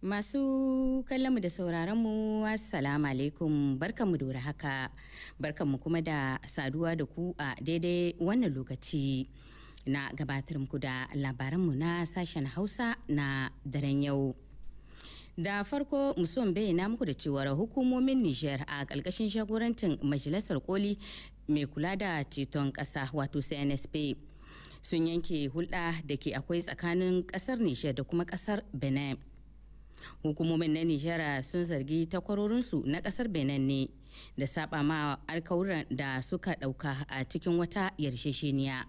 Masu kallonmu da sauraronmu Assalamu alaikum barkanmu da haka barkanmu kuma da saduwa da ku a daidai wannan lokaci na gabatar muku da labaranmu na sashen Hausa na daren yau. Da farko bai na muku da cewar hukumomin niger a ƙarƙashin jagorancin Majalisar Koli mai kula da ceton ƙasa wato CNSP sun yanke hulɗa da ke akwai tsakanin ƙasar niger da kuma ƙasar Benin. Hukumomin na niger sun zargi takwarorinsu na ƙasar Benin ne da saba ma alkawuran da suka ɗauka a cikin wata yarjejeniya.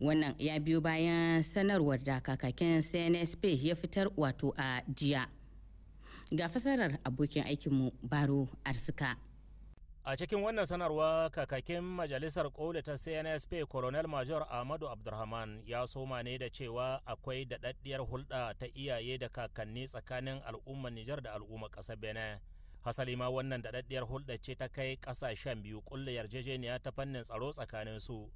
wannan ya biyo bayan sanarwar da kakakin cnsp ya fitar wato a jiya ga fasarar abokin aikinmu baro arzika a cikin wannan sanarwa kakakin majalisar koli ta cnsp colonel major ahmadu abdulrahman ya soma ne da cewa akwai daɗaɗɗiyar hulɗa ta iyaye da kakanni tsakanin al'ummar nijar da al'umma ƙasar benin hasali ma wannan daɗaɗɗiyar hulɗa ce ta kai ƙasashen biyu ƙulla yarjejeniya ta fannin tsaro tsakanin su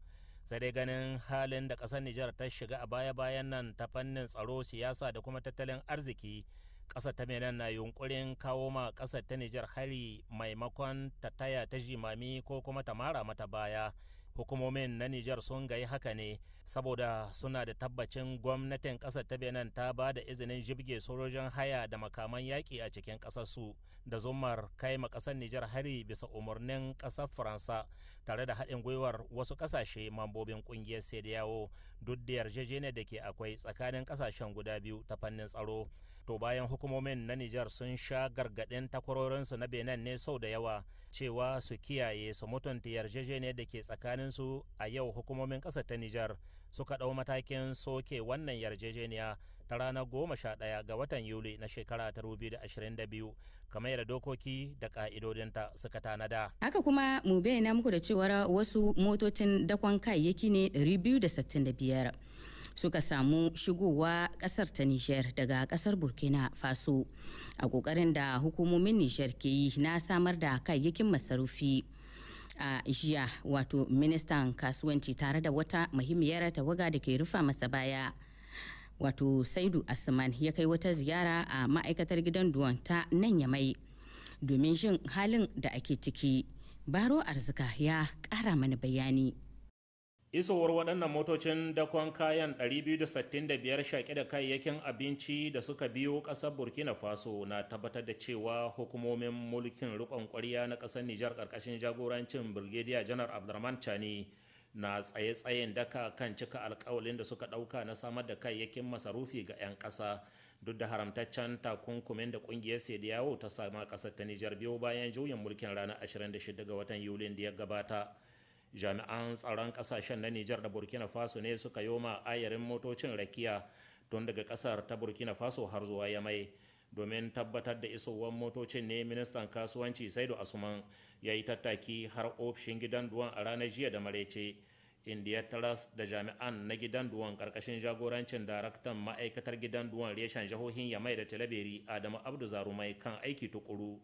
sai dai ganin halin da ƙasar nijar ta shiga a baya-bayan nan ta fannin tsaro siyasa da kuma tattalin arziki ƙasar ta menan na yunkurin kawo ma ƙasar ta nijar hari maimakon ta taya ta jimami ko kuma ta mara mata baya hukumomin na Nijar sun gayi haka ne saboda suna da tabbacin gwamnatin ƙasa ta Benin ta ba da izinin jibge sojojin haya da makaman yaƙi a cikin ƙasarsu da zumar kai ma ƙasar Nijar hari bisa umarnin ƙasar Faransa tare da haɗin gwiwar wasu ƙasashe mambobin ƙungiyar Sediyawo duk da yarjejeniyar da ke akwai tsakanin ƙasashen guda biyu ta fannin tsaro. to bayan hukumomin na Nijar sun sha gargaɗin takwarorinsu na Benin ne sau da yawa cewa su kiyaye su mutunta yarjejeniyar da ke tsakanin su a yau hukumomin ƙasar ta Nijar suka ɗau matakin soke wannan yarjejeniya ta ranar goma sha ɗaya ga watan Yuli na shekara ta biyu kamar yadda dokoki da ƙa'idodinta suka tanada. Haka kuma mu bayyana muku da cewar wasu motocin dakon kayayyaki ne biyu da da sittin biyar. suka samu shigowa kasar ta Nijar daga kasar Burkina Faso a kokarin da hukumomin Nijar ke yi na samar da kayayyakin masarufi. a jiya wato ministan kasuwanci tare da wata muhimmiyar tawaga da ke rufa masa baya wato saidu asman ya kai wata ziyara a ma'aikatar gidan duwan ta nan ya mai domin jin halin da ake ciki baro arzika ya kara mana bayani isowar waɗannan motocin dakon kayan 265 shaƙe da kayayyakin abinci da suka biyo ƙasar burkina faso na tabbatar da cewa hukumomin mulkin rikon ƙwarya na ƙasar nijar ƙarƙashin jagorancin birgediya janar abdurrahman chani na tsaye-tsayen daka kan cika alkawalin da suka ɗauka na samar da kayayyakin masarufi ga 'yan ƙasa duk da haramtaccen takunkumin da ƙungiyar yawo ta sama ƙasar ta nijar biyo bayan juyin mulkin ranar 26 ga watan yulin da ya gabata jami'an tsaron kasashen na nijar da burkina faso ne suka yoma ayarin motocin rakiya tun daga kasar ta burkina faso har zuwa yamai domin tabbatar da isowar motocin ne ministan kasuwanci saido asuman ya yi tattaki har ofishin gidan duwan a ranar jiya da marece indiya taras da jami'an na gidan duwan karkashin jagorancin daraktan ma'aikatar gidan duwan reshen jihohin yamai da talabiri adamu abdu zarumai kan aiki tukuru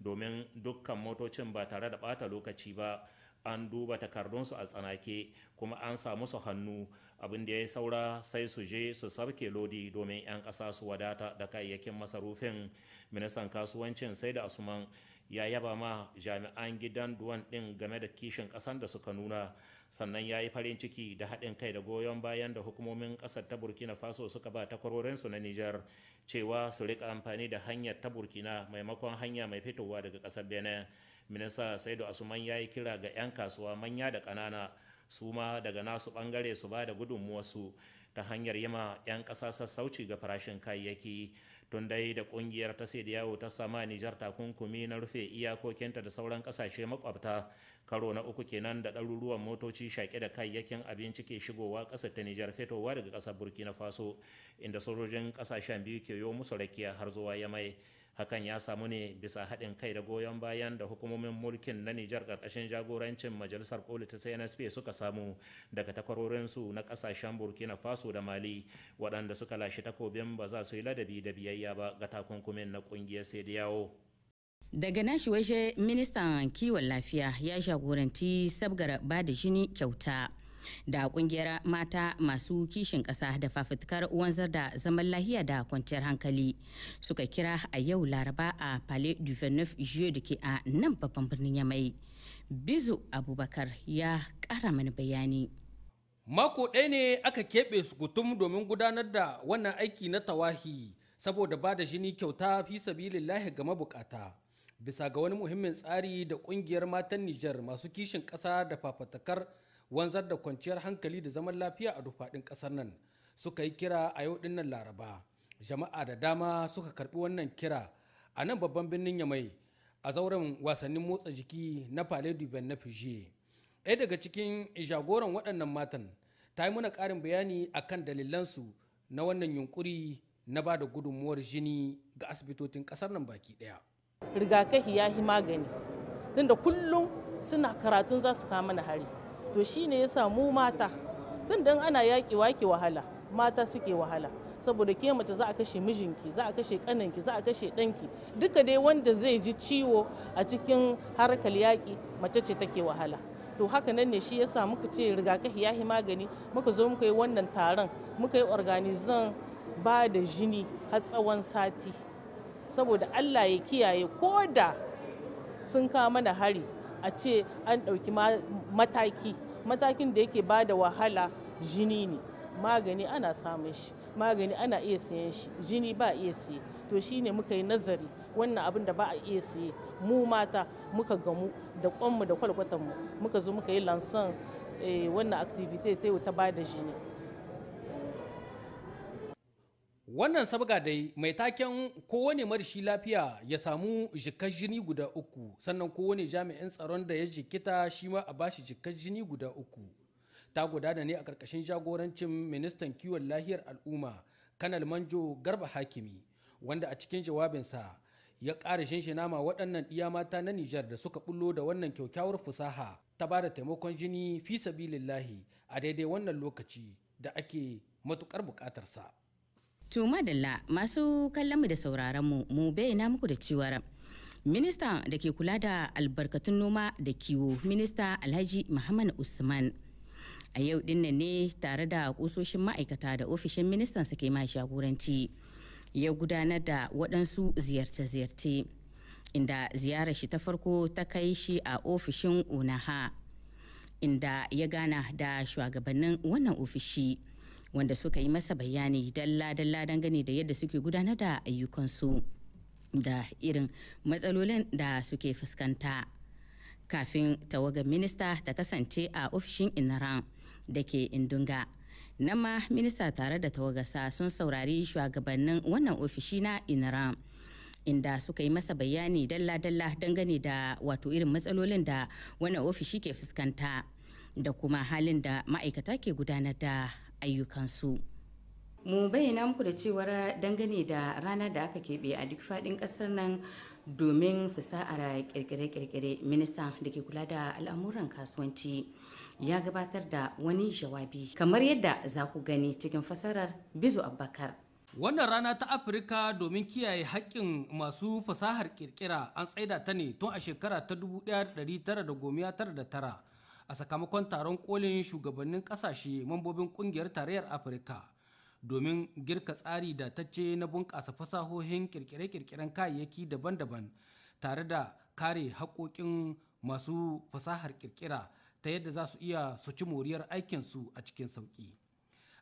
domin dukkan motocin ba tare da bata lokaci ba an duba takardunsu a tsanake kuma an samu su hannu abin da ya yi saura sai su je su sarke lodi domin 'yan ƙasa su wadata da kayayyakin masarufin ministan kasuwancin sai da asuman ya yaba ma jami'an gidan duwan din game da kishin ƙasan da suka nuna sannan ya yi farin ciki da haɗin kai da goyon bayan da hukumomin ƙasar ta burkina faso suka ba takwarorinsu na nijar cewa su riƙa amfani da hanyar ta burkina maimakon hanya mai fitowa daga ƙasar benin minista saidu asuman ya yi kira ga 'yan kasuwa manya da kanana su ma daga nasu bangare su ba da gudunmuwarsu ta hanyar yima 'yan ƙasa sassauci ga farashin kayayyaki tun dai da ƙungiyar ta sai da yawo ta sama nijar takunkumi na rufe iyakokinta da sauran ƙasashe makwabta karo na uku kenan da ɗaruruwan motoci shaƙe da kayayyakin abinci ke shigowa ƙasar ta Nijar fitowa daga ƙasar Burkina Faso inda sojojin ƙasashen biyu ke yo musu rakiya har zuwa Yamai. hakan ya samu ne bisa haɗin kai da goyon bayan da hukumomin mulkin na nijar ƙarƙashin jagorancin majalisar koli ta cnsp suka samu daga takwarorinsu na ƙasashen burkina faso da mali waɗanda suka lashe takobin ba za su yi ladabi da biyayya ba ga takunkumin na ƙungiyar sai yawo daga nashi waje ministan kiwon lafiya ya jagoranci sabgar ba da jini kyauta da kungiyar mata masu kishin kasa da fafutukar wanzar da zaman lahiya da kwanciyar hankali suka kira a yau laraba a palais du 29 juillet da ke a nan babban birnin yamai bizu abubakar ya kara mana bayani mako ɗaya ne aka keɓe su gutum domin gudanar da wannan aiki na tawahi saboda ba da jini kyauta fi sabilillahi ga mabukata bisa ga wani muhimmin tsari da kungiyar matan Nijar masu kishin ƙasa da fafatakar wanzar da kwanciyar hankali da zaman lafiya a dufaɗin ƙasar nan suka yi kira a yau ɗinnan laraba jama'a da dama suka karɓi wannan kira a nan babban birnin yamai a zauren wasannin motsa jiki na palais du ben na fije ɗaya daga cikin jagoran waɗannan matan ta yi mana ƙarin bayani akan dalilansu na wannan yunkuri na ba da gudunmuwar jini ga asibitocin ƙasar nan baki ɗaya rigakafi ya yi magani tunda kullum suna karatun za su kama mana hari to shi ne ya sa mu mata tun dan ana yaƙi wake wahala mata suke wahala saboda ke mace za a kashe mijinki za a kashe kananki za a kashe ɗanki duka dai wanda zai ji ciwo a cikin harkar yaƙi mace ce take wahala to haka nan ne shi yasa muka ce rigakafi ya yi magani muka zo muka yi wannan taron muka yi organizan ba da jini har tsawon sati saboda allah ya kiyaye ko da sun kama mana hari a ce an ɗauki mataki matakin da yake ba da wahala jini ne magani ana samun shi magani ana iya siyan shi jini ba iya siye to shine muka yi nazari wannan abin da ba a iya saye mu mata muka gamu da kwanmu da kwalkwatanmu muka zo muka yi lansan eh, wannan activity ta ba da jini Wannan sabga dai mai taken kowane marishi lafiya ya samu jikar jini guda uku sannan kowane jami'in tsaron da ya jikita shi ma a bashi jikar jini guda uku. Ta gudana ne a ƙarƙashin jagorancin ministan kiwon lahiyar al'umma kanal manjo garba hakimi wanda a cikin jawabinsa ya ƙara shinshina ma waɗannan iya mata na Nijar da suka bullo da wannan kyaukyawar fusaha ta ba da taimakon jini fi sabilillahi a daidai wannan lokaci da ake matuƙar buƙatarsa. To madalla masu kallon mu da sauraron mu mu bayyana muku da cewa ministan da ke kula da albarkatun noma da kiwo minista Alhaji Muhammad Usman a yau dinnan ne tare da kusoshin ma'aikata da ofishin ministan sa ke ma jagoranci ya gudanar da waɗansu ziyarce-ziyarce inda ziyarar shi ta farko ta kai shi a ofishin Unaha inda ya gana da shugabannin wannan ofishi. wanda suka yi masa bayani dalla-dalla dangane da yadda suke gudanar da ayyukansu da irin matsalolin da suke fuskanta kafin tawagar minista ta kasance a ofishin inaran da ke indunga nan ma minista tare da tawagarsa sun saurari shugabannin wannan ofishi na inaran inda suka yi masa bayani dalla-dalla dangane da wato irin matsalolin da wannan ofishi ke fuskanta da kuma halin da ma'aikata ke gudanar da ayyukansu. mu bayyana muku da cewar dangane da rana da aka keɓe a duk faɗin ƙasar nan domin fasahar kirkire-kirkire ministan da ke kula da al'amuran kasuwanci ya gabatar da wani jawabi kamar yadda za ku gani cikin fasarar bizu abubakar. wannan rana ta afirka domin kiyaye haƙƙin masu fasahar kirkira an tsaida ta ne tun a shekara ta 1999 a sakamakon taron kolin shugabannin kasashe mambobin kungiyar tarayyar afirka domin girka tsari da ce na bunƙasa fasahohin kirkire-kirkiren kayayyaki daban-daban tare da kare haƙoƙin masu fasahar kirkira ta yadda za su iya su ci moriyar aikinsu a cikin sauƙi.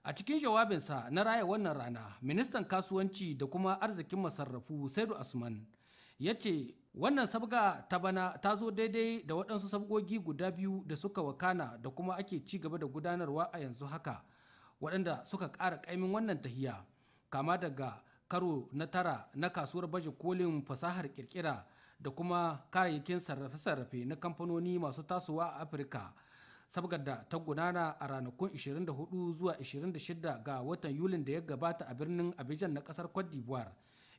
A cikin jawabinsa na raya wannan rana, ministan kasuwanci da kuma arzikin masarrafu Saidu Asman ya ce wannan sabga ta bana ta zo daidai da waɗansu sabgogi guda biyu da suka wakana da kuma ake ci gaba da gudanarwa a yanzu haka waɗanda suka ƙara ƙaimin wannan tahiya kama daga karo na tara na kasuwar baje kolin fasahar ƙirƙira da kuma kayayyakin sarrafe-sarrafe na kamfanoni masu tasowa a afirka sabgar da ta gudana a ranakun 24 zuwa 26 ga watan yulin da ya gabata a birnin abidjan na ƙasar cote d'ivoire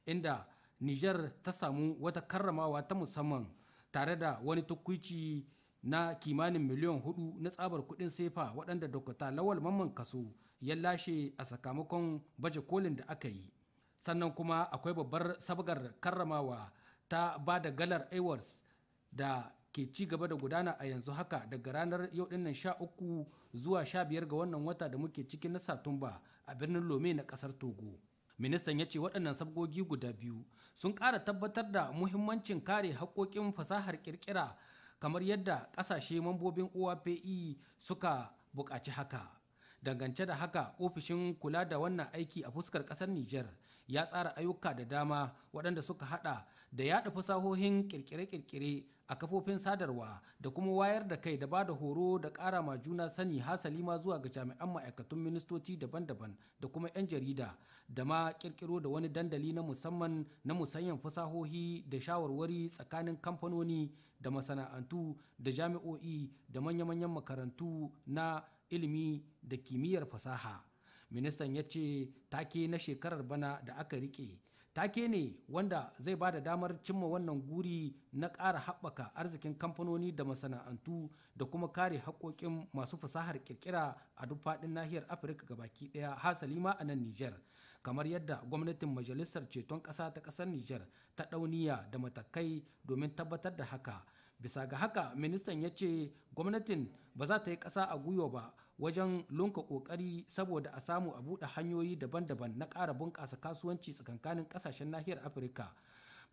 inda Nijar ta samu wata karramawa ta musamman tare da wani tukwici na kimanin miliyan hudu na tsabar kudin sefa waɗanda dokata lawal mamman kaso ya lashe a sakamakon baje kolin da aka yi sannan kuma akwai babbar sabgar karramawa ta ba da galar awards da ke ci gaba da gudana a yanzu haka daga ranar yau dinnan sha uku zuwa sha biyar ga wannan wata da muke cikin na satumba a birnin lome na kasar togo ministan ya ce waɗannan sabgogi guda biyu sun ƙara tabbatar da muhimmancin kare haƙƙoƙin fasahar ƙirƙira kamar yadda ƙasashe mambobin oape suka buƙaci haka dangance da haka ofishin kula da wannan aiki a fuskar kasar niger ya tsara ayyuka da dama waɗanda suka hada da yada fasahohin kirkire-kirkire a kafofin sadarwa da kuma wayar da kai da ba da horo da ƙara ma juna sani hasali ma zuwa ga jami'an ma'aikatun ministoci daban-daban da kuma 'yan jarida da ma kirkiro da wani dandali na musamman na musanyan fasahohi da shawarwari tsakanin kamfanoni da masana'antu da jami'o'i da manya-manyan makarantu na ilimi da kimiyyar fasaha ministan ya ce take na shekarar bana da aka rike take ne wanda zai ba da damar cimma wannan guri na ƙara haɓaka arzikin kamfanoni da masana'antu da kuma kare haƙoƙin masu fasahar ƙirƙira a duk faɗin nahiyar afirka ga baki ɗaya hasali ma a nan niger kamar yadda gwamnatin majalisar ceton ƙasa ta ƙasar niger ta ɗauniya da matakai domin tabbatar da haka bisa ga haka ministan ya ce gwamnatin ba za ta yi ƙasa a gwiwa ba wajen lunka ƙoƙari saboda a samu a buɗe hanyoyi daban-daban na ƙara bunƙasa kasuwanci tsakankanin ƙasashen nahiyar afirka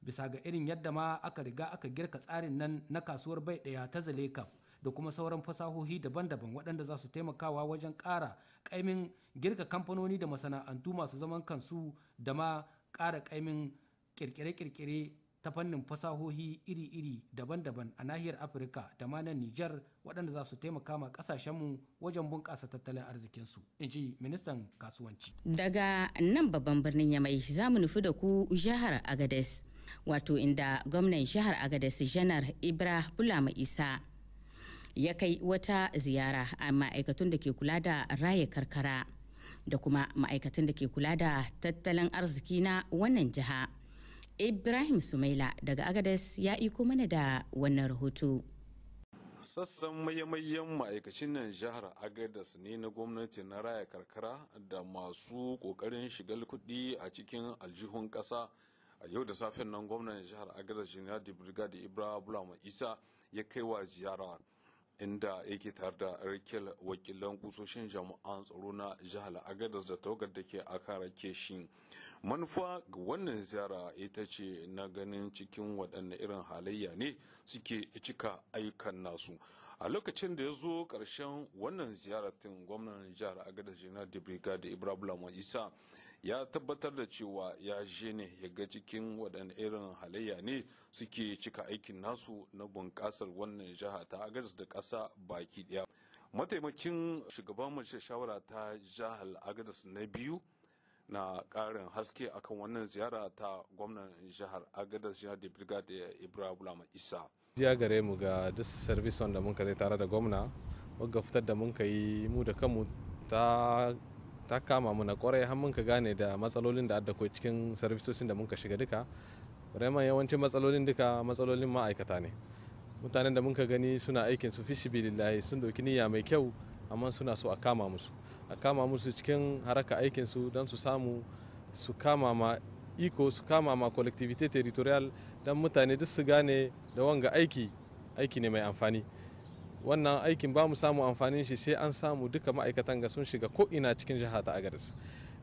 bisa ga irin yadda ma aka riga aka girka tsarin nan na kasuwar bai ɗaya ta zalekaf da kuma sauran fasahohi daban-daban waɗanda za su taimakawa wajen ƙara ƙaimin girka kamfanoni da masana'antu masu zaman kansu da ma ƙara ƙaimin ƙirƙire-ƙirƙire ta fannin fasahohi iri-iri daban-daban a nahiyar afirka da ma nan nijar waɗanda za su taimaka ma ƙasashenmu wajen bunƙasa tattalin arzikinsu in ji ministan kasuwanci daga nan babban birnin yamai za mu nufi da ku jihar agades wato inda gwamnan jihar agades janar ibra bulama isa ya kai wata ziyara a ma'aikatun da ke kula da raya karkara da kuma ma'aikatan da ke kula da tattalin arziki na wannan jiha. Ibrahim Sumaila daga Agadez ya iko mana da wannan rahoto. Sassan mayamayyan ma'aikacin nan jihar Agadez ne na gwamnati na raya karkara da masu ƙoƙarin shigar kuɗi a cikin aljihun ƙasa. A yau da safen nan gwamnan jihar Agadez General Brigadier Ibrahim Isa ya kai wa ziyara. inda yake tare da rikil wakilan kusoshin jama'an tsaro na jihar agadas da tawagar da ke aka rake shi manufa ga wannan ziyara ita ce na ganin cikin waɗanne irin halayya ne suke cika ayyukan nasu a lokacin da ya zo ƙarshen wannan ziyaratin gwamnan jihar agadas jina da brigadier ibrahim isa ya tabbatar da cewa ya je ne ya ga cikin waɗanne irin halayya ne suke cika aikin nasu na bunƙasar wannan jiha ta agadas da ƙasa baki ɗaya mataimakin shugaban mace shawara ta jihar agadas na biyu na ƙarin haske akan wannan ziyara ta gwamnan jihar agadas jihar da brigade ibrahim isa ya gare mu ga duk service wanda mun kai tare da gwamna ga fitar da mun kai mu da kanmu ta ta kama mu na kwarai har mun ka gane da matsalolin da kai cikin sarfisosin da mun ka shiga duka vraiment yawancin matsalolin duka matsalolin ma'aikata ne mutanen da mun ka gani suna aikin su fisibilillahi sun doki niyya mai kyau amma suna so a kama musu a kama musu cikin haraka aikin su don su samu su kama ma iko su kama ma collectivity territorial don mutane duk su gane da wanga aiki aiki ne mai amfani wannan aikin ba mu samu amfanin shi sai an samu duka ma'aikatan ga sun shiga ko ina cikin jiha ta agaris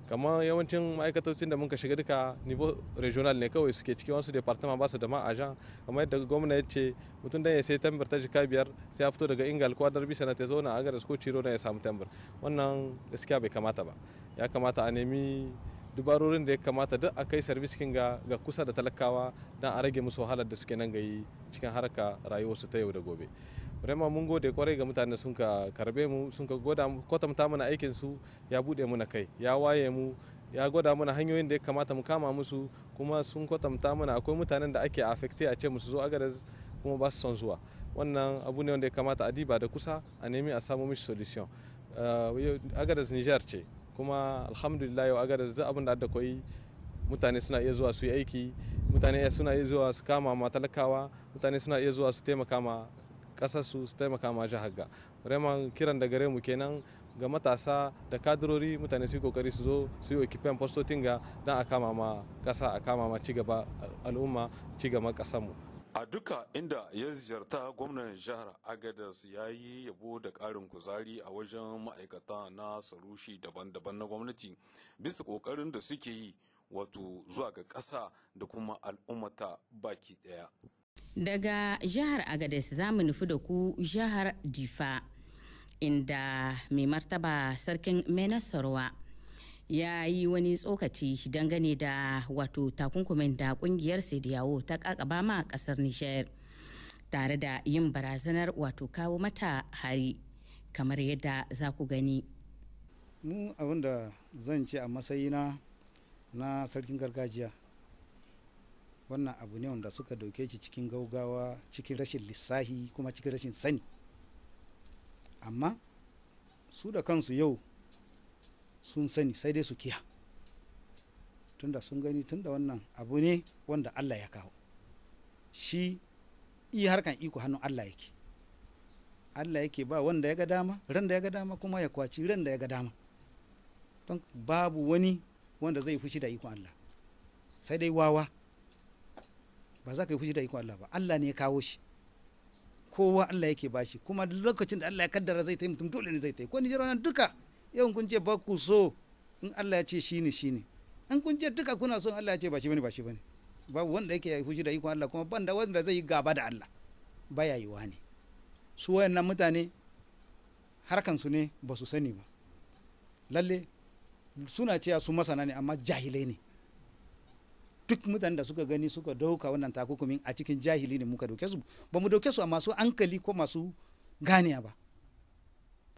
kamar yawancin ma'aikatocin da muka shiga duka nivo regional ne kawai suke cikin wasu department ba su da ma'ajan kamar yadda gwamna ya ce mutum dan ya sai tambar ta jika biyar sai ya fito daga ingal ko adar bisa na ta zo na agaris ko ciro na ya samu tambar wannan gaskiya bai kamata ba ya kamata a nemi dubarorin da ya kamata duk a kai sarbis kin ga ga kusa da talakawa don a rage musu wahalar da suke nan gayi cikin harka rayuwarsu ta yau da gobe Rema mun gode kwarai ga mutane sun ka karbe mu sun ka goda mu kwatanta mana aikin su ya bude mana kai ya waye mu ya gwada mana hanyoyin da ya kamata mu kama musu kuma sun kwatanta mana akwai mutanen da ake affecte a ce musu zo agaras kuma ba su son zuwa wannan abu ne wanda ya kamata a diba da kusa a nemi a samu mishi solution eh, agadas niger ce kuma alhamdulillah yau agadas duk abin da da koyi mutane suna iya zuwa su yi aiki mutane suna iya zuwa su kama ma talakawa mutane suna iya zuwa su taimaka ma kasar su taimaka ma jihar ga kiran da gare mu kenan ga matasa da kadirori mutane su yi kokari su zo su yi okipen postotin ga don a kama ma kasa a kama ma cigaba al'umma cigaba kasar mu a duka inda ya ziyarta gwamnan jihar agadas ya yi yabo da karin kuzari a wajen ma'aikata na sarushi daban-daban na gwamnati bisa kokarin da suke yi wato zuwa ga kasa da kuma al'ummata baki ɗaya Daga jihar Agadez za mu nufi da ku jihar Difa inda mai martaba sarkin Menasarwa ya yi wani tsokaci dangane da wato takunkumin da kungiyar sediyawo ta kakaba ma kasar Nijar tare da yin barazanar wato kawo mata hari kamar yadda za ku gani. Mu abinda zan ce a matsayina na sarkin gargajiya. wannan abu ne wanda suka dauke shi cikin gaugawa cikin rashin lissahi kuma cikin rashin sani amma su da kansu yau sun sani sai dai su kiya tunda sun gani tunda wannan abu ne wanda allah ya kawo shi iya harkan iko hannun allah yake allah yake ba wanda ya ga dama ran da ya ga dama kuma ya kwaci ran da ya ga dama don babu wani wanda zai fushi da ikon allah sai dai wawa ba za ka yi fushi da ikon Allah ba Allah ne ya kawo shi kowa Allah yake bashi kuma lokacin da Allah ya kaddara zai ta mutum dole ne zai ta yi ko ni jira duka yawan kun ce ba ku so in Allah ya ce shi shi ne in kun ce duka kuna so in Allah ya ce ba shi bane ba shi bane babu wanda yake fushi da ikon Allah kuma banda wanda zai yi gaba da Allah ba ya yiwa ne su wayannan mutane harkan su ne ba su sani ba lalle suna cewa su masana ne amma jahilai ne duk mutanen da suka gani suka dauka wannan takukumin a cikin jahili ne muka dauke su ba mu dauke su a masu hankali ko masu ganiya ba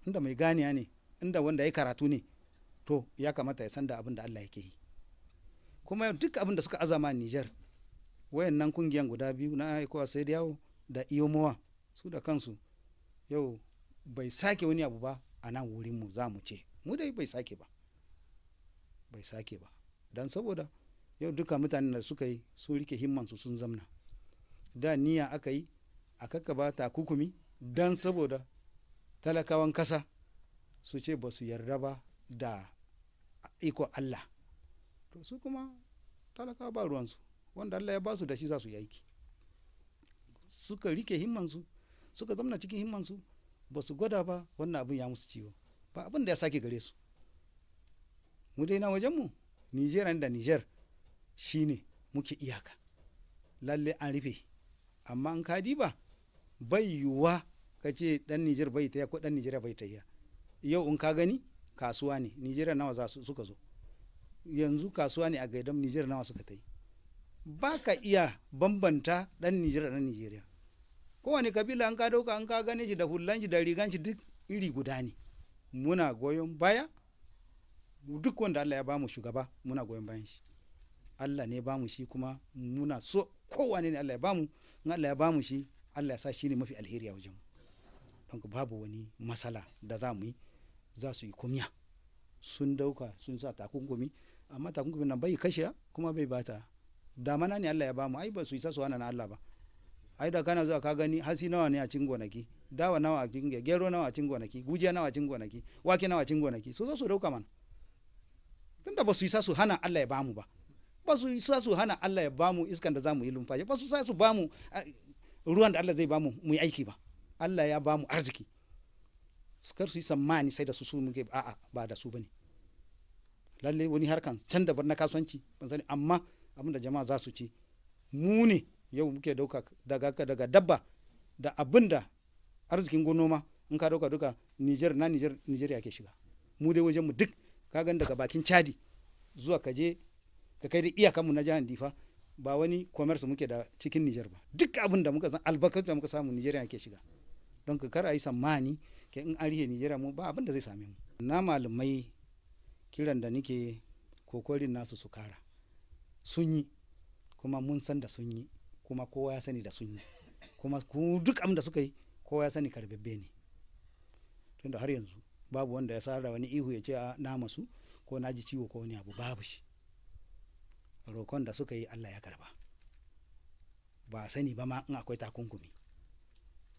inda mai ganiya ne inda wanda ya karatu ne to ya kamata ya san da abin da Allah yake yi kuma duk abin da suka azama Niger wayannan kungiyan guda biyu na ECOWAS sai yawo da iyomowa su da kansu yau bai sake wani abu ba a nan wurin mu za mu ce mu dai bai sake ba bai sake ba dan saboda yau duka mutanen da suka yi sun rike su sun zamna da niyya aka yi a ta kukumi don saboda talakawan kasa su ce ba su yarda ba da iko Allah to su kuma talakawa ba ruwansu wanda Allah ya ba su da shi za su yi aiki suka rike himmansu suka zamna cikin himmansu ba su gwada ba wannan abin ya musu ciwo ba abin da ya sake gare su mu dai na wajenmu ne da niger Shi ne muke iyaka lalle an rufe amma an kadi ba bai yiwuwa ka ce dan Nijar bai ta ko dan Nijar bai ta yau in ka gani kasuwa ne Nijar nawa za su suka zo yanzu kasuwa ne a gaidan Nijar nawa suka ta yi ba ka iya bambanta dan Nijar na Nijeriya kowane kabila an ka dauka an ka gane shi da hullan shi da rigan shi duk iri guda ne muna goyon baya duk wanda Allah ya bamu shugaba muna goyon bayan shi Allah ne ba mu shi kuma muna so kowane ne Allah ya bamu in Allah ya bamu shi Allah ya sa shi ne mafi alheri a wajen don babu wani masala da za mu yi za su yi kumya sun dauka sun sa takunkumi amma takunkumi nan bai kashe kuma bai bata damana ne Allah ya bamu ai ba su isa su hana na Allah ba ai da kana zuwa ka gani hasi nawa ne a cikin gonaki dawa nawa a cikin gero nawa a cikin gonaki gujiya nawa a cikin gonaki wake nawa a cikin gonaki so zo su dauka mana tunda ba su isa su hana Allah ya bamu ba ba su sa su hana Allah ya bamu iskan da zamu yi lumfashi ba su sa su bamu ruwan da Allah zai bamu mu yi aiki ba Allah ya bamu arziki kar su yi sammani sai da su su muke a'a ba da su bane lalle wani harkan can da na kasuwanci ban sani amma abin da jama'a za su ci mu ne yau muke dauka daga daga dabba da abin da arzikin gonoma in ka dauka duka Niger na Niger Nigeria ke shiga mu dai wajen mu duk ka gan daga bakin Chadi zuwa kaje ka kai da iyakanmu na jihar difa ba wani commerce muke da cikin nijar ba duk abin da muka san albarkar da muka samu nigeria ke shiga don ka kar a yi sammani ke in an rihe nigeria mu ba abin da zai same mu na malamai kiran da nake kokorin nasu su kara sun yi kuma mun san da sun yi kuma kowa ya sani da sun yi kuma duk abin da suka yi kowa ya sani karbebbe ne tunda har yanzu babu wanda ya sara wani ihu ya ce a na masu ko na ji ciwo ko wani abu babu shi Rokon da suka yi Allah ya karba ba a sani ba ma in akwai takunkumi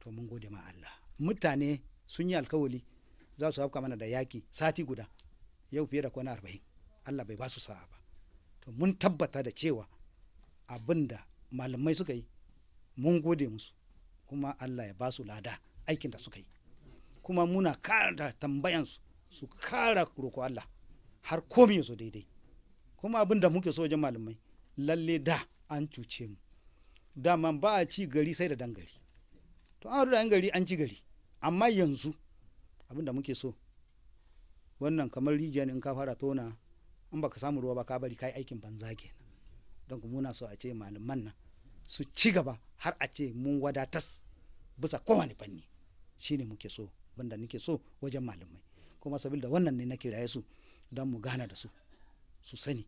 to mun gode ma Allah mutane sun yi alkawali za su hafka mana da yaki sati guda yau fiye da kwana arba'in Allah bai ba su sa'a ba to mun tabbata da cewa abin da malamai suka yi mun gode musu kuma Allah ya ba su lada aikin da suka yi kuma muna kara tambayansu su kara roko Allah har komi su daidai kuma abin da muke so wajen malamai lalle da an cuce mu da man ba a ci gari sai da dangari to an da gari an ci gari amma yanzu abin da muke so wannan kamar rijiya in ka fara tona in baka samu ruwa ba ka bari kai aikin banza kenan don kuma muna so a ce malaman nan su ci gaba har a ce mun wadatas bisa kowane fanni shine muke so banda nake so wajen malamai kuma sabil da wannan ne na kiraye su don mu gana da su su sani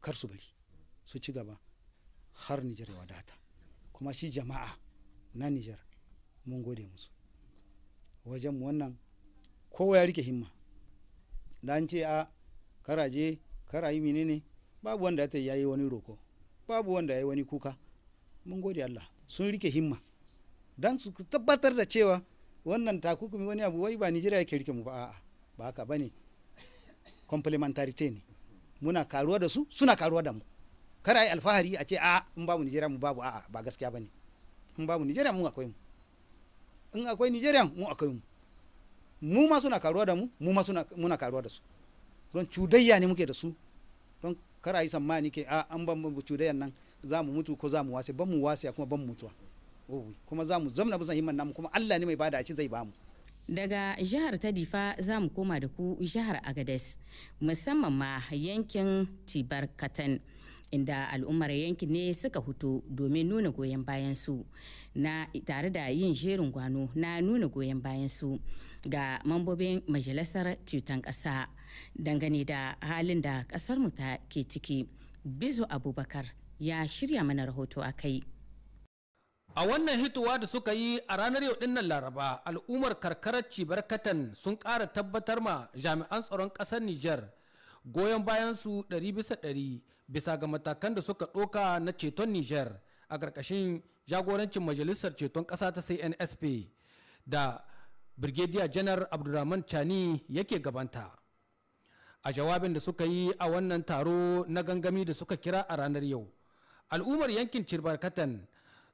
kar su bari su ci gaba har nijar ya wadata kuma shi jama'a na nijar mun gode musu wajen wannan kowa ya rike himma da an ce a karaje karayi menene babu wanda ya yayi wani roko babu wanda ya yi wani kuka mun gode Allah sun rike himma dan su tabbatar da cewa wannan takukumi wani abu wai ba ya yake rike mu ba a'a ba haka bane complementarity ne muna karuwa da su suna karuwa da mu kar ai alfahari a ce a in babu Nigeria mu babu a'a ba gaskiya bane in babu Nigeria mu akwai mu in akwai Nigeria mu akwai mu mu ma suna karuwa da mu mu ma suna muna karuwa da su don cudayya ne muke da su don kar ai sammani ke a an ban mu cudayyan nan za mu mutu ko za mu wase ban mu wase kuma ban mutuwa kuma za mu zamna bisan himman namu kuma Allah ne mai bada ce zai bamu Daga jihar ta difa za mu koma da ku jihar Agades musamman ma yankin tibar katan inda al'ummar yankin ne suka hutu domin nuna goyon bayan su na tare da yin jerin gwano na nuna goyon bayan su ga mambobin majalisar cutan kasa dangane da halin da kasar mu ta ke ciki. bizu Abubakar ya shirya mana rahoto a kai. a wannan hituwa da suka yi a ranar yau dinnan laraba al'ummar karkarar cibarkatan sun ƙara tabbatar ma jami'an tsaron ƙasar niger goyon bayansu 100 bisa 100 bisa ga matakan da suka ɗoka na ceton niger a ƙarƙashin jagorancin majalisar ceton ƙasa ta sai cnsp da brigadier janar Abdurrahman chani yake gabanta a jawabin da suka yi a wannan taro na gangami da suka kira a ranar yau al'ummar yankin cibarkatan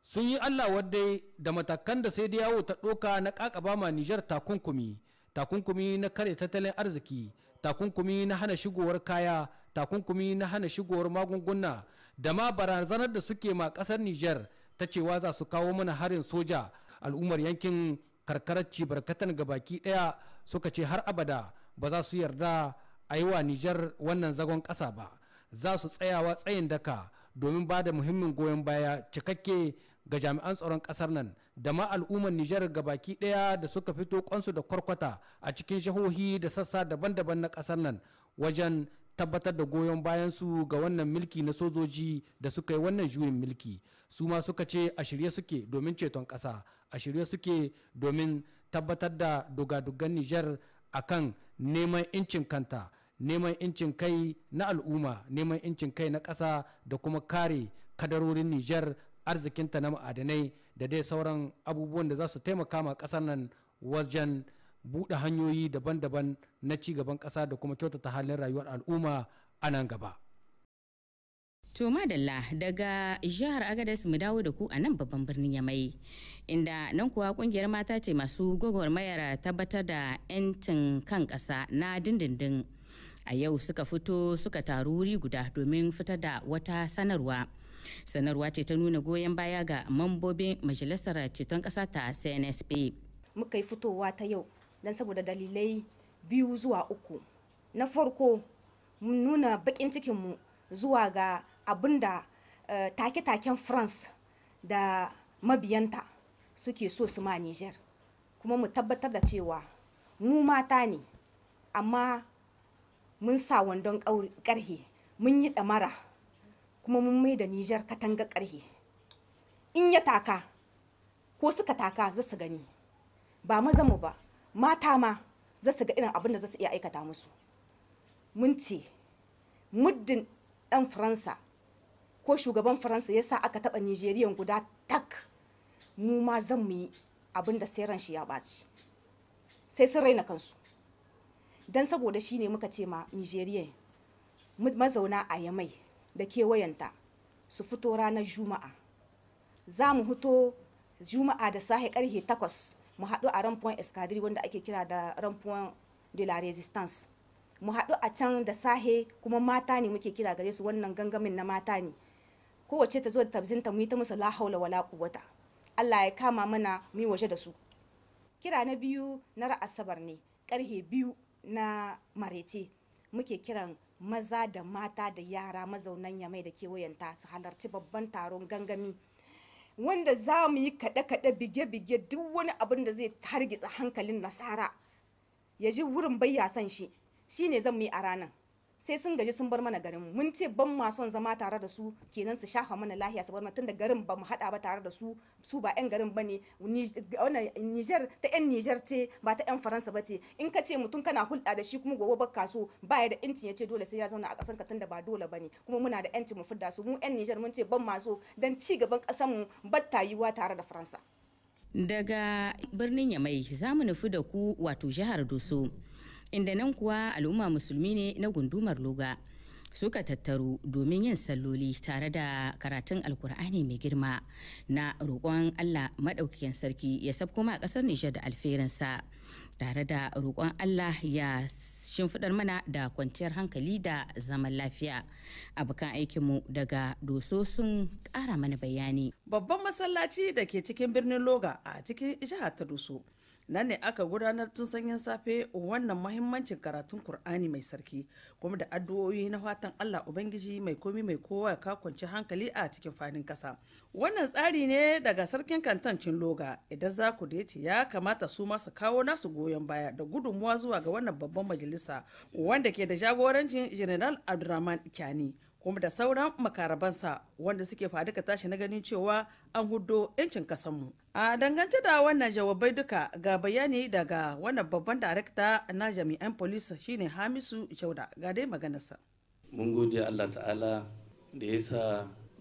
sun yi allah wadai da matakan da sai da yawo ta ɗoka na kakaba ma nijar takunkumi takunkumi na kare tattalin arziki takunkumi na hana shigowar kaya takunkumi na hana shigowar magunguna da ma barazanar da suke ma kasar nijar ta cewa za su kawo mana harin soja al'ummar yankin karkarar ga baki daya suka ce har abada ba za su yarda a yi wa nijar wannan zagon kasa ba za su tsayawa tsayin daka domin ba da muhimmin goyon baya cikakke ga jami'an tsaron kasar nan da ma al'ummar Nijar ga baki daya da suka fito kwansu da kwarkwata a cikin shahohi da sassa daban-daban na kasar nan wajen tabbatar da goyon bayan su ga wannan milki na sojoji da suka yi wannan juyin milki su ma suka ce a shirye suke domin ceton kasa a shirye suke domin tabbatar da dugadugan Nijar a kan neman incin kanta neman incin kai na al'umma neman incin kai na ƙasa da kuma kare kadarorin Nijar arzikinta na ma'adanai da dai sauran abubuwan da za su taimaka ma ƙasar nan wajen buɗe hanyoyi daban-daban na ci gaban ƙasa da kuma kyautata halin rayuwar al'umma a nan gaba. To madalla daga jihar Agadez mu dawo da ku a nan babban birnin Yamai inda nan kuwa kungiyar mata ce masu gwagwarmayar tabbatar da 'yancin kan ƙasa na dindindin. A yau suka fito suka taru wuri guda domin fitar da wata sanarwa. sanarwa ce ta nuna goyon baya ga mambobin majalisar ceton kasa ta cnsp muka yi fitowa ta yau don saboda dalilai biyu zuwa uku na farko mun nuna bakin cikinmu zuwa ga abin da eh, take-taken france da mabiyanta suke so su ma niger kuma mu tabbatar da cewa mu mata ne amma mun sa wandon karhe mun yi ɗamara kuma mun mai da nijar katanga karhe in ya taka ko suka taka za su gani ba maza mu ba mata ma za su ga irin abin da za su iya aikata musu mun ce muddin dan faransa ko shugaban faransa yasa aka taɓa nijeriyan guda tak mu ma zan mu yi abin da sai shi ya ɓaci sai sun raina kansu don saboda shi ne muka ce ma nijeriyan mazauna a yamai da kewayenta su fito ranar juma'a za mu fito juma'a da sahe karhe takwas mu haɗu a rampon escadri wanda ake kira da rampon de la resistance mu haɗu a can da sahe kuma mata ne muke kira gare su wannan gangamin na mata ne kowace ta zo da tabzinta mu yi ta musu lahaula wala kuwata Allah ya kama mana mu waje da su kira na biyu na ra'asabar ne karhe biyu na marece muke kiran maza da mata da yara mazaunan yamai da kewayenta su halarci babban taron gangami wanda za mu yi kaɗe-kaɗe bige-bige duk wani abin da zai hargitsa hankalin nasara ya ji wurin bayyasan shi shi ne zan mu yi a ranar sai sun gaji sun bar mana garin mun ce ban ma son zama tare da su kenan su shafa mana lahiya su bar mana tunda garin ba mu hada ba tare da su su ba yan garin bane Niger ta yan Niger ce ba ta yan Faransa ba ce in ka ce mutum kana hulɗa da shi kuma gobe ba kaso ba ya da incin ya ce dole sai ya zauna a ƙasan ka tunda ba dole bane kuma muna da yanci mu fidda su mu yan Niger mun ce ban ma so dan ci gaban ƙasar mu batta yiwa tare da Faransa daga birnin Yamai za mu nufi da ku wato jihar Doso inda nan kuwa al'umma musulmi ne na gundumar Luga suka tattaru domin yin salloli tare da karatun alkur'ani mai girma na roƙon Allah maɗaukakin sarki ya a ƙasar Nijar da alferinsa tare da roƙon Allah ya shimfiɗar mana da kwanciyar hankali da zaman lafiya abokan aikinmu daga doso sun ƙara mana bayani babban masallaci da ke cikin birnin loga a cikin jihar ta doso nan ne aka gudanar tun sanyin safe wannan mahimmancin karatun Kur'ani mai sarki kuma da addu'o'i na fatan Allah Ubangiji mai komi mai kowa ya kakwanci hankali a cikin fadin kasa. Wannan tsari ne daga sarkin kantan Loga idan za ku dace ya kamata su masu kawo nasu goyon baya da gudunmuwa zuwa ga wannan babban majalisa wanda ke da jagorancin General Abdulrahman Kyani. kuma da sauran makarabansa wanda suke ka tashi na ganin cewa an hudo 'yancin kasanmu. A dangance da wannan jawabai duka ga bayani daga wannan babban darakta na jami'an polis shine Hamisu Jauda ga dai maganarsa. Mun gode Allah ta'ala da ya sa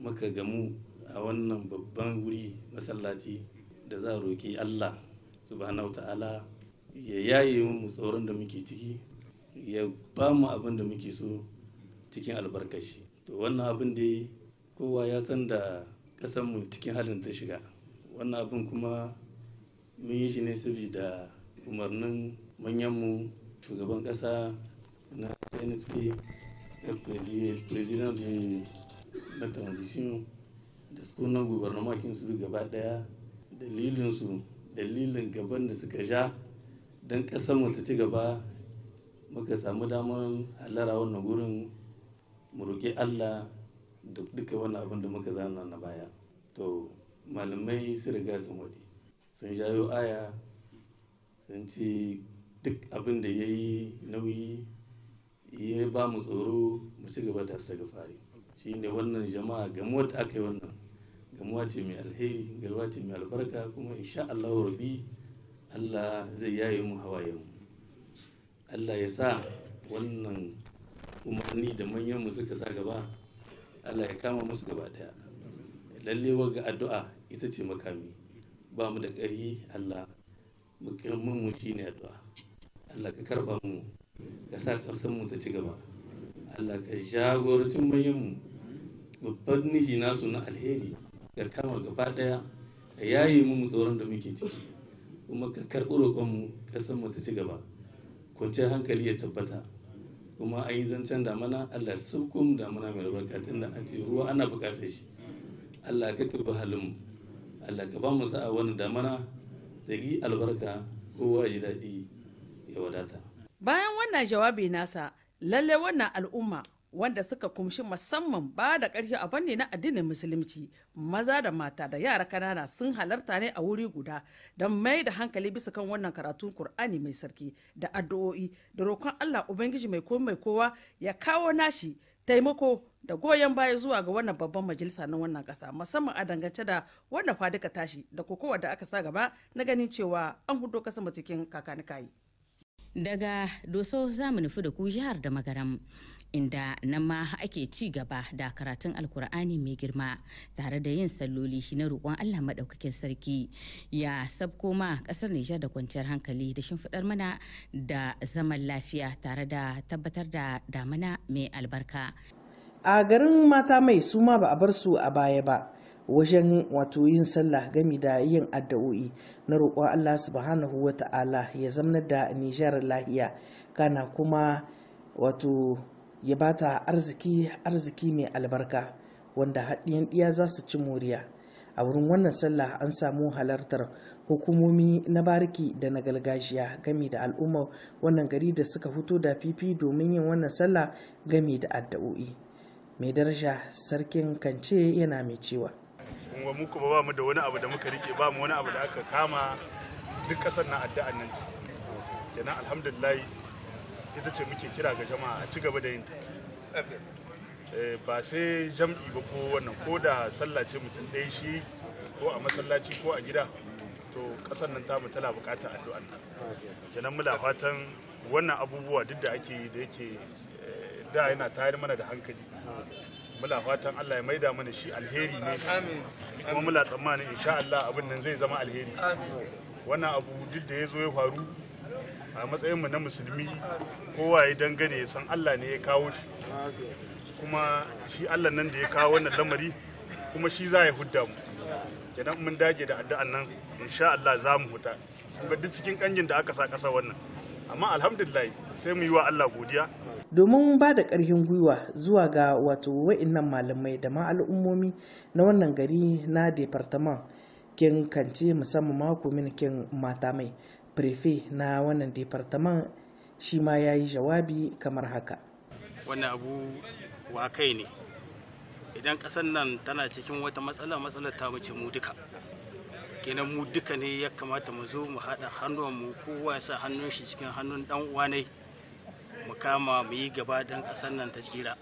muka gamu a wannan babban wuri masallaci da za roki Allah subhanahu ta'ala ya yaye mu tsoron da muke ciki ya ba mu abin da muke so cikin albarkashi to wannan abin da kowa ya san da ƙasanmu cikin halin ta shiga wannan abin kuma mun yi shi ne saboda umarnin manyanmu shugaban ƙasa na da president na transition da sunan gubernaman su gaba daya dalilinsu dalilin gaban da suka ja don ƙasarmu ta ci gaba muka samu damar halara wannan gurin mu roƙi allah da duka wani abin da muka zana na baya to malamai su riga sun waɗi sun jayo aya sun ce duk abin da ya yi nauyi ya ba mu tsoro mu ci gaba da fari shi ne wannan jama'a gamuwa da aka yi wannan gamuwa ce mai alheri gamuwa ce mai albarka kuma insha Allah rabi Allah zai yaye mu hawaye mu Allah ya sa wannan umarni da manyanmu suka sa gaba allah ya kama musu gaba daya lalle waga addu'a ita ce makami ba mu da ƙari allah mukamman mu shine addu'a allah ka karba mu ka sa ƙasar mu ta ci gaba allah ka jagorancin manyanmu babban nishi nasu na alheri ka kama gaba daya ka yaye mu tsoron da muke ciki kuma ka karɓi roƙonmu ƙasar mu ta ci gaba kwanciyar hankali ya tabbata kuma a yi zancen damana allah saukum damana mai albarka da an ce ruwa ana bukatar shi allah ka kirba halin allah ka ba mu sa'a wani damana da gi albarka kowa ji daɗi ya wadata bayan wannan jawabi nasa lalle wannan al'umma wanda suka kumshi musamman ba da ƙarfi a banne na addinin musulunci maza da mata da yara kanana sun halarta ne a wuri guda don mai da hankali bisa kan wannan karatun kur'ani mai sarki da addu'o'i da roƙon allah ubangiji mai komai mai kowa ya kawo nashi taimako da goyon baya zuwa ga wannan babban majalisa na wannan kasa musamman a dangance da wannan faduka tashi da kokowa da aka sa gaba na ganin cewa an hudo kasa cikin kakanikayi. daga doso za mu nufi da ku jihar da magaram inda nan ma ake ci gaba da karatun alkur'ani mai girma tare da yin salloli na roƙon allah maɗaukakin sarki ya sabko ma ƙasar nijar da kwanciyar hankali da shimfiɗar mana da zaman lafiya tare da tabbatar da damana mai albarka a garin mata mai suma ba a bar su a baya ba wajen wato yin sallah gami da yin addu'o'i na roƙon Allah subhanahu wa ta'ala ya zamna da Nijar lahiya kana kuma wato ya ba ta arziki arziki mai albarka wanda haɗiyan ɗiya za su ci moriya a wurin wannan sallah an samu halartar hukumomi na bariki da na gargajiya gami da al'umma wannan gari da suka fito da fifi domin yin wannan sallah gami da addu'o'i mai daraja sarkin kance yana mai cewa kuma mu kuma ba mu da wani abu da muka rike ba mu wani abu da aka kama duk ƙasar na addu'an nan kenan alhamdulillah ita ce muke kira ga jama'a a ci gaba da yin ta eh, ba sai jam'i ba ko wannan ko da sallah ce mutum ɗaya shi ko a masallaci ko a gida to ƙasar nan tamu tana buƙatar addu'a nan kenan muna fatan wannan abubuwa duk da ake da yake eh, da yana tayar mana da hankali muna fatan Allah ya maida mana shi alheri ne kuma muna tsammanin insha Allah abin nan zai zama alheri wannan abu duk da ya zo ya faru a matsayinmu na musulmi kowa ya dangane ya san allah ne ya kawo shi kuma shi allah nan da ya kawo wannan lamari kuma shi za ya hudda mu idan mun dage da addu'an nan insha allah za mu huta kuma duk cikin kanjin da aka sa kasa wannan amma alhamdulillah sai mu yi wa allah godiya domin ba da ƙarfin gwiwa zuwa ga wato wa'innan malamai da ma al'ummomi na wannan gari na departement kin kance musamman mako kin mata mai prefe na wannan departaman shi ma ya yi jawabi kamar haka wani abu wa kai ne idan ƙasar nan tana cikin wata matsala matsalar ta mace mu duka kenan mu duka ne ya kamata mu zo mu haɗa hannuwanmu kowa ya sa hannun shi cikin hannun dan uwa ne mu kama mu yi gaba dan ƙasar nan ta tsira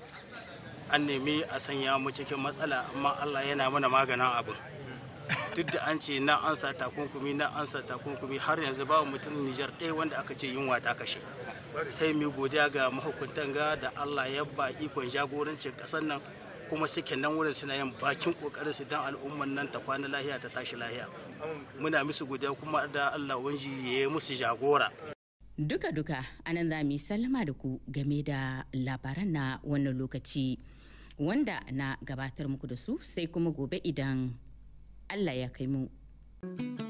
an nemi a sanya mu cikin matsala amma allah yana mana maganin abin duk da an ce na ansa takunkumi na ansa takunkumi har yanzu ba mutum Nijar ɗaya wanda aka ce yunwa ta kashe sai mu godiya ga mahukuntan ga da Allah ya ba ikon jagorancin ƙasar nan kuma suke nan wurin suna yin bakin kokarin su dan al'umman nan ta kwana lahiya ta tashi lahiya muna musu godiya kuma da Allah wanji ya yi musu jagora duka-duka anan za mu sallama da ku game da labaran na wannan lokaci wanda na gabatar muku da su sai kuma gobe idan Allah ya kai mu. thank you